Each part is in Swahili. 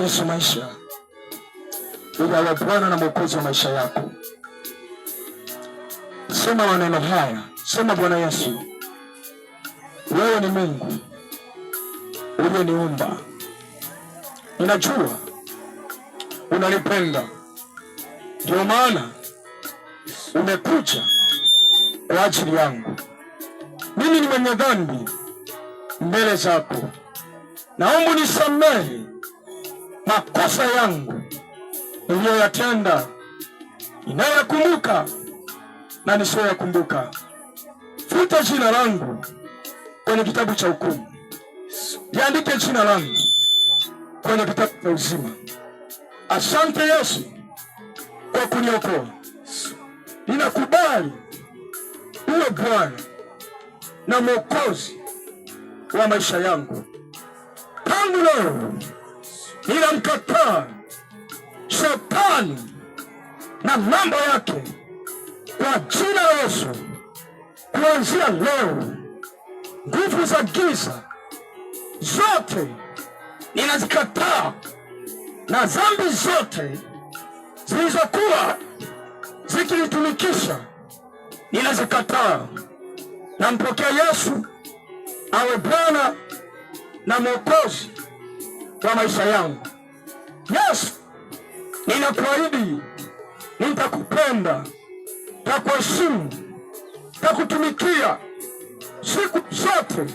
Yesu maisha uyawe Bwana na Mwokozi wa maisha yako. Sema maneno haya, sema Bwana Yesu, wewe ni Mungu uliyeniumba, ninajua unanipenda, ndio maana umekuja kwa ajili yangu. Mimi ni mwenye dhambi mbele zako, naomba nisamehe makosa yangu niliyoyatenda, inayakumbuka na nisiyoyakumbuka. Futa jina langu kwenye kitabu cha hukumu, liandike jina langu kwenye kitabu cha uzima. Asante Yesu kwa kuniokoa. Ninakubali uwe Bwana na Mwokozi wa maisha yangu tangu leo ninamkataa shetani na mambo yake kwa jina la Yesu. Kuanzia leo, nguvu za giza zote ninazikataa na dhambi zote zilizokuwa zikinitumikisha ninazikataa. Nampokea Yesu awe Bwana na Mwokozi kwa maisha yangu. Yesu, ninakuahidi nitakupenda, nitakuheshimu, nitakutumikia siku zote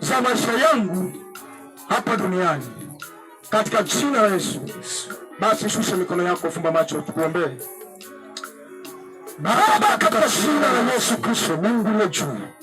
za maisha yangu hapa duniani, katika jina la Yesu. Basi shusha mikono yako, fumba macho, tukuombee. Baba, katika jina la Yesu Kristo, Mungu wa juu